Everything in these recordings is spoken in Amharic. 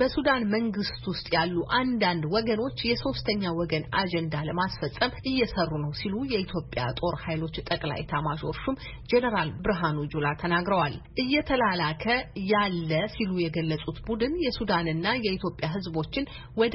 በሱዳን መንግስት ውስጥ ያሉ አንዳንድ ወገኖች የሶስተኛ ወገን አጀንዳ ለማስፈጸም እየሰሩ ነው ሲሉ የኢትዮጵያ ጦር ኃይሎች ጠቅላይ ኤታማዦር ሹም ጀኔራል ብርሃኑ ጁላ ተናግረዋል። እየተላላከ ያለ ሲሉ የገለጹት ቡድን የሱዳንና የኢትዮጵያ ህዝቦችን ወደ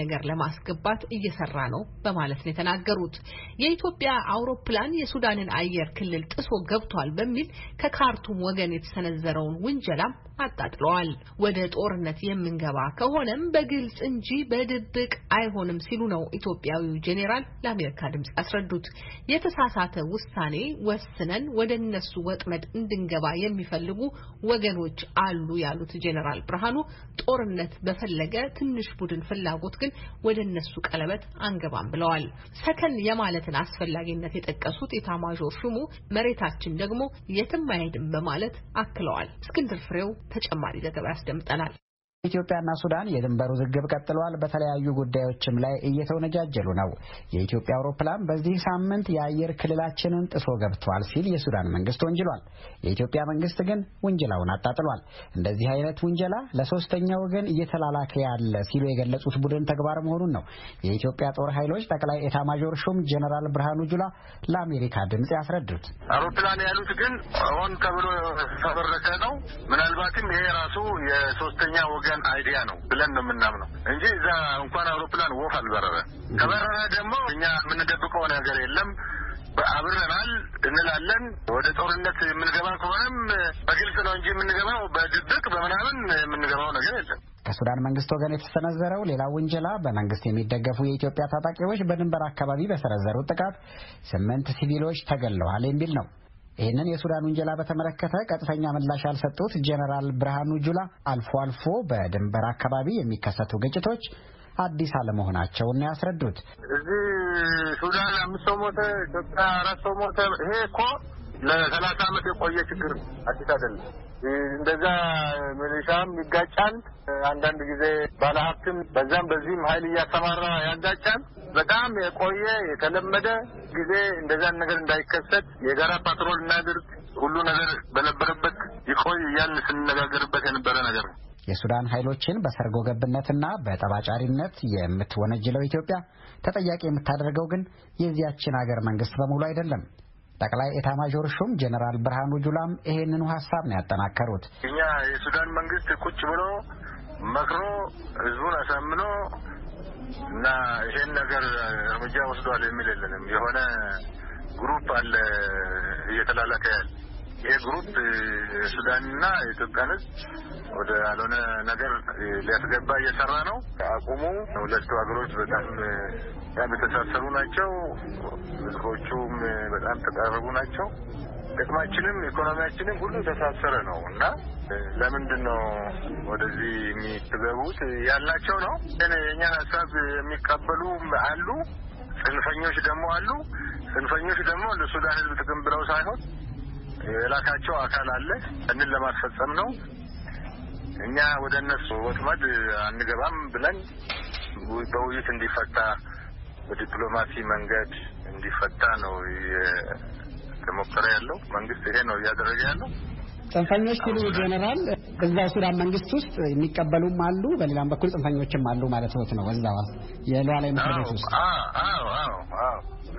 ነገር ለማስገባት እየሰራ ነው በማለት ነው የተናገሩት። የኢትዮጵያ አውሮፕላን የሱዳንን አየር ክልል ጥሶ ገብቷል በሚል ከካርቱም ወገን የተሰነዘረውን ውንጀላም አጣጥለዋል። ወደ ጦርነት የምንገባ ከሆነም በግልጽ እንጂ በድብቅ አይሆንም ሲሉ ነው ኢትዮጵያዊው ጄኔራል ለአሜሪካ ድምፅ ያስረዱት። የተሳሳተ ውሳኔ ወስነን ወደ እነሱ ወጥመድ እንድንገባ የሚፈልጉ ወገኖች አሉ ያሉት ጄኔራል ብርሃኑ ጦርነት በፈለገ ትንሽ ቡድን ፍላጎት ግን ወደ እነሱ ቀለበት አንገባም ብለዋል። ሰከን የማለትን አስፈላጊነት የጠቀሱት ኢታማዦር ሹሙ መሬታችን ደግሞ የትም አይሄድም በማለት አክለዋል። እስክንድር ፍሬው ተጨማሪ ዘገባ ያስደምጠናል። ኢትዮጵያና ሱዳን የድንበር ውዝግብ ቀጥሏል። በተለያዩ ጉዳዮችም ላይ እየተወነጃጀሉ ነው። የኢትዮጵያ አውሮፕላን በዚህ ሳምንት የአየር ክልላችንን ጥሶ ገብቷል ሲል የሱዳን መንግስት ወንጅሏል። የኢትዮጵያ መንግስት ግን ውንጀላውን አጣጥሏል። እንደዚህ አይነት ውንጀላ ለሶስተኛ ወገን እየተላላከ ያለ ሲሉ የገለጹት ቡድን ተግባር መሆኑን ነው የኢትዮጵያ ጦር ኃይሎች ጠቅላይ ኤታማዦር ሹም ጀኔራል ብርሃኑ ጁላ ለአሜሪካ ድምጽ ያስረዱት። አውሮፕላን ያሉት ግን ሆን ተብሎ ተበረከ ነው። ምናልባትም ይሄ ራሱ የሶስተኛ ወገን የኢትዮጵያን አይዲያ ነው ብለን ነው የምናምነው እንጂ እዛ እንኳን አውሮፕላን ወፍ አልበረረ። ከበረረ ደግሞ እኛ የምንደብቀው ነገር የለም። አብረናል እንላለን። ወደ ጦርነት የምንገባ ከሆነም በግልጽ ነው እንጂ የምንገባው በድብቅ በምናምን የምንገባው ነገር የለም። ከሱዳን መንግስት ወገን የተሰነዘረው ሌላ ውንጀላ በመንግስት የሚደገፉ የኢትዮጵያ ታጣቂዎች በድንበር አካባቢ በሰነዘሩት ጥቃት ስምንት ሲቪሎች ተገለዋል የሚል ነው። ይህንን የሱዳን ውንጀላ በተመለከተ ቀጥተኛ ምላሽ ያልሰጡት ጄኔራል ብርሃኑ ጁላ አልፎ አልፎ በድንበር አካባቢ የሚከሰቱ ግጭቶች አዲስ አለመሆናቸውን ያስረዱት። እዚህ ሱዳን አምስት ሰው ሞተ፣ ኢትዮጵያ አራት ሰው ሞተ። ይሄ እኮ ለሰላሳ ዓመት የቆየ ችግር አዲስ አይደለም። እንደዛ ሚሊሻም ይጋጫል። አንዳንድ ጊዜ ባለሀብትም በዛም በዚህም ኃይል እያሰማራ ያጋጫል። በጣም የቆየ የተለመደ ጊዜ እንደዛን ነገር እንዳይከሰት የጋራ ፓትሮል እናድርግ፣ ሁሉ ነገር በነበረበት ይቆይ እያል ስንነጋገርበት የነበረ ነገር ነው። የሱዳን ኃይሎችን በሰርጎ ገብነትና በጠባጫሪነት የምትወነጅለው ኢትዮጵያ ተጠያቂ የምታደርገው ግን የዚያችን አገር መንግስት በሙሉ አይደለም። ጠቅላይ ኤታ ኤታማዦር ሹም ጀኔራል ብርሃኑ ጁላም ይሄንኑ ሀሳብ ነው ያጠናከሩት። እኛ የሱዳን መንግስት ቁጭ ብሎ መክሮ ህዝቡን አሳምኖ እና ይሄን ነገር እርምጃ ወስዷል የሚል የለንም። የሆነ ግሩፕ አለ እየተላላከ ያለ ይሄ ግሩፕ ሱዳንና ኢትዮጵያን ህዝብ ወደ ያልሆነ ነገር ሊያስገባ እየሰራ ነው። አቁሙ። ሁለቱ ሀገሮች በጣም የተሳሰሩ ናቸው። ህዝቦቹም በጣም ተቀራረቡ ናቸው። ጥቅማችንም ኢኮኖሚያችንም ሁሉ የተሳሰረ ነው እና ለምንድን ነው ወደዚህ የሚትገቡት ያልናቸው ነው። የእኛን ሀሳብ የሚቀበሉ አሉ፣ ጽንፈኞች ደግሞ አሉ። ጽንፈኞች ደግሞ ለሱዳን ህዝብ ጥቅም ብለው ሳይሆን የላካቸው አካል አለ። እንን ለማስፈጸም ነው። እኛ ወደ እነሱ ወጥመድ አንገባም ብለን በውይይት እንዲፈታ በዲፕሎማሲ መንገድ እንዲፈታ ነው የተሞከረ ያለው። መንግስት ይሄ ነው እያደረገ ያለው። ጽንፈኞች ሲሉ ጄኔራል እዛው ሱዳን መንግስት ውስጥ የሚቀበሉም አሉ፣ በሌላም በኩል ጽንፈኞችም አሉ ማለት ነው እዛው የሉዓላዊ ምክር ቤት ውስጥ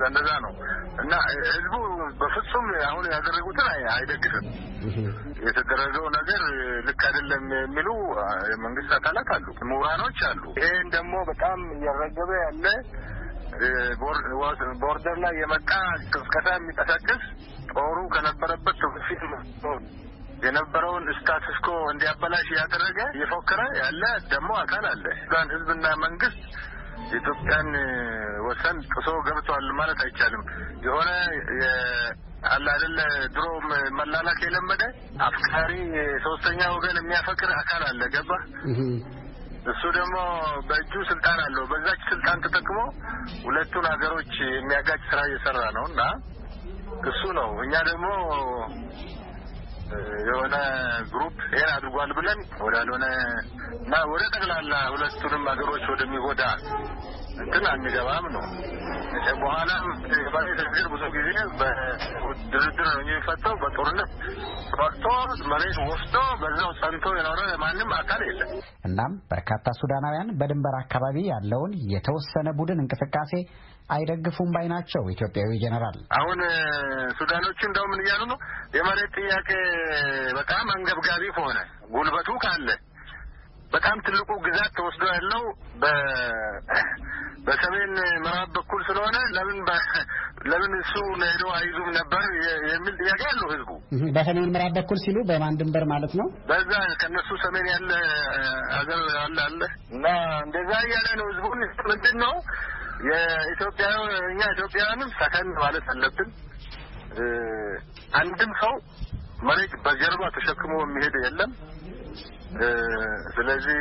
ለነዛ ነው እና ህዝቡ በፍጹም አሁን ያደረጉትን አይደግፍም። የተደረገው ነገር ልክ አይደለም የሚሉ የመንግስት አካላት አሉ፣ ምሁራኖች አሉ። ይሄን ደግሞ በጣም እያረገበ ያለ ቦርደር ላይ የመጣ ቅስቀሳ የሚጠሳቅስ ጦሩ ከነበረበት ትውፊት የነበረውን ስታትስኮ እንዲያበላሽ እያደረገ እየፎከረ ያለ ደግሞ አካል አለ። ህዝብና መንግስት የኢትዮጵያን ወሰን ጥሶ ገብቷል ማለት አይቻልም። የሆነ አለ አይደለ ድሮ መላላክ የለመደ አፍቃሪ ሶስተኛ ወገን የሚያፈቅር አካል አለ። ገባ እሱ ደግሞ በእጁ ስልጣን አለው። በዛች ስልጣን ተጠቅሞ ሁለቱን ሀገሮች የሚያጋጭ ስራ እየሰራ ነው እና እሱ ነው እኛ ደግሞ የሆነ ግሩፕ ይሄን አድርጓል ብለን ወዳልሆነ እና ወደ ጠቅላላ ሁለቱንም ሀገሮች ወደሚጎዳ እንትን አንገባም ነው። በኋላም የባሌ ብዙ ጊዜ በድርድር ነው የሚፈታው። በጦርነት ፈርቶ መሬት ወስዶ በዛው ጸንቶ የኖረ ማንም አካል የለም። እናም በርካታ ሱዳናውያን በድንበር አካባቢ ያለውን የተወሰነ ቡድን እንቅስቃሴ አይደግፉም ባይ ናቸው። ኢትዮጵያዊ ጀነራል አሁን ሱዳኖቹ እንደው ምን እያሉ ነው? የመሬት ጥያቄ በጣም አንገብጋቢ ከሆነ ጉልበቱ ካለ በጣም ትልቁ ግዛት ተወስዶ ያለው በሰሜን ምዕራብ በኩል ስለሆነ ለምን ለምን እሱ ሄዶ አይዙም ነበር የሚል ጥያቄ ያለው ህዝቡ። በሰሜን ምዕራብ በኩል ሲሉ በማን ድንበር ማለት ነው? በዛ ከነሱ ሰሜን ያለ ሀገር አለ አለ እና እንደዛ እያለ ነው ህዝቡን ምንድን ነው የኢትዮጵያ እኛ ኢትዮጵያውያንም ሰከን ማለት አለብን። አንድም ሰው መሬት በጀርባ ተሸክሞ የሚሄድ የለም። ስለዚህ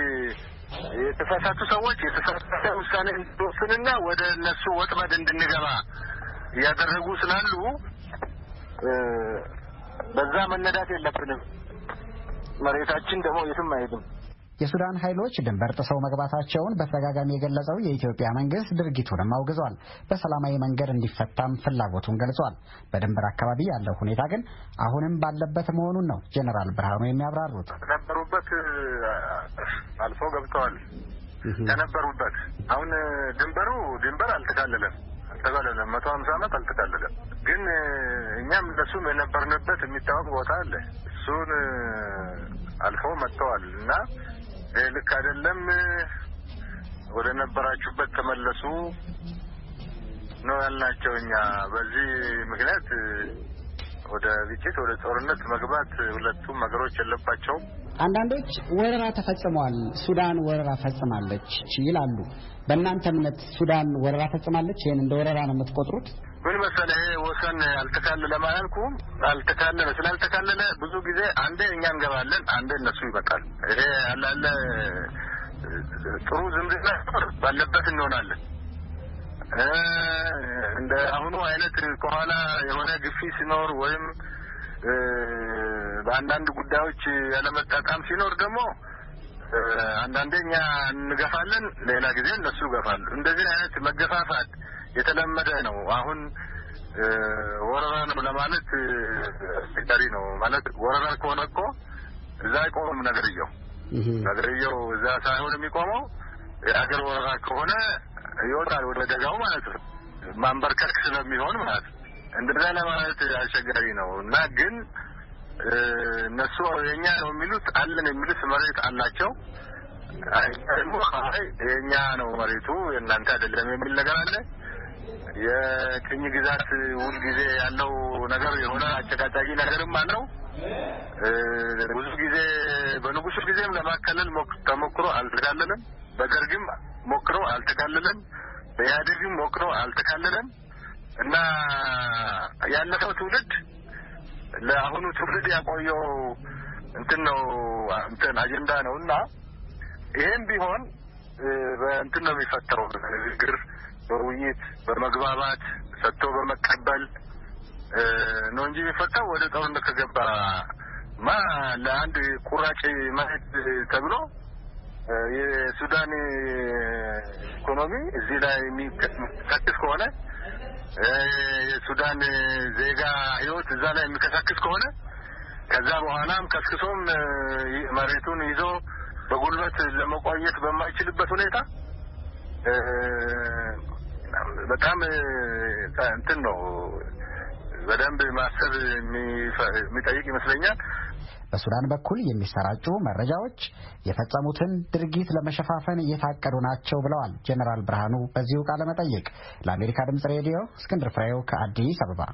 የተሳሳቱ ሰዎች የተሳሳተ ውሳኔ እንድንወስንና ወደ እነሱ ወጥመድ እንድንገባ እያደረጉ ስላሉ በዛ መነዳት የለብንም። መሬታችን ደግሞ የትም አይሄድም። የሱዳን ኃይሎች ድንበር ጥሰው መግባታቸውን በተደጋጋሚ የገለጸው የኢትዮጵያ መንግስት ድርጊቱንም አውግዟል። በሰላማዊ መንገድ እንዲፈታም ፍላጎቱን ገልጿል። በድንበር አካባቢ ያለው ሁኔታ ግን አሁንም ባለበት መሆኑን ነው ጄኔራል ብርሃኑ የሚያብራሩት። ነበሩበት አልፎ ገብተዋል። የነበሩበት አሁን ድንበሩ ድንበር አልተካለለም አልተካለለም መቶ ሀምሳ ዓመት አልተካለለም። ግን እኛም እነሱም የነበርንበት የሚታወቅ ቦታ አለ። እሱን አልፈው መጥተዋል እና ልክ አይደለም፣ ወደ ነበራችሁበት ተመለሱ ነው ያልናቸው። እኛ በዚህ ምክንያት ወደ ግጭት ወደ ጦርነት መግባት ሁለቱም ሀገሮች የለባቸውም። አንዳንዶች ወረራ ተፈጽመዋል፣ ሱዳን ወረራ ፈጽማለች ይላሉ። በእናንተ እምነት ሱዳን ወረራ ፈጽማለች? ይህን እንደ ወረራ ነው የምትቆጥሩት? ምን መሰለህ ወሰን አልተካለለም አላልኩም? አልተካለለ ስላልተካለለ ብዙ ጊዜ አንዴ እኛ እንገባለን፣ አንዴ እነሱ ይበቃል። ይሄ አላለ ጥሩ ዝምድና ባለበት እንሆናለን። እንደ አሁኑ አይነት ከኋላ የሆነ ግፊ ሲኖር ወይም በአንዳንድ ጉዳዮች ያለመጣጣም ሲኖር ደግሞ አንዳንዴ እኛ እንገፋለን፣ ሌላ ጊዜ እነሱ ይገፋሉ። እንደዚህ አይነት መገፋፋት የተለመደ ነው። አሁን ወረራ ነው ለማለት አስቸጋሪ ነው። ማለት ወረራ ከሆነ እኮ እዛ አይቆምም ነገርየው ነገርየው እዛ ሳይሆን የሚቆመው የሀገር ወረራ ከሆነ ይወጣል ወደ ደጋው ማለት ነው። ማንበርከክ ስለሚሆን ማለት ነው። እንደዛ ለማለት አስቸጋሪ ነው እና ግን እነሱ የኛ ነው የሚሉት አለን የሚሉት መሬት አላቸው። ደግሞ የእኛ ነው መሬቱ የእናንተ አይደለም የሚል ነገር አለ። የቅኝ ግዛት ውል ጊዜ ያለው ነገር የሆነ አጨቃጫቂ ነገርም አለው። ብዙ ጊዜ በንጉሱ ጊዜም ለማካለል ተሞክሮ አልተካለለም። በደርግም ሞክሮ አልተካለለም። በኢህአዴግም ሞክሮ አልተካለለም እና ያለፈው ትውልድ ለአሁኑ ትውልድ ያቆየው እንትን ነው እንትን አጀንዳ ነው እና ይሄም ቢሆን እንትን ነው የሚፈጠረው በንግግር በውይይት በመግባባት ሰጥቶ በመቀበል ነው እንጂ የሚፈታው ወደ ጦርነት ከገባ ማ ለአንድ ቁራጭ ማየት ተብሎ የሱዳን ኢኮኖሚ እዚህ ላይ የሚቀጥስ ከሆነ የሱዳን ዜጋ ህይወት እዛ ላይ የሚከሳክስ ከሆነ ከዛ በኋላም ከስክሶም መሬቱን ይዞ በጉልበት ለመቆየት በማይችልበት ሁኔታ በጣም እንትን ነው በደንብ ማሰብ የሚጠይቅ ይመስለኛል። በሱዳን በኩል የሚሰራጩ መረጃዎች የፈጸሙትን ድርጊት ለመሸፋፈን እየታቀዱ ናቸው ብለዋል ጀኔራል ብርሃኑ በዚሁ ቃለ መጠይቅ። ለአሜሪካ ድምጽ ሬዲዮ እስክንድር ፍሬው ከአዲስ አበባ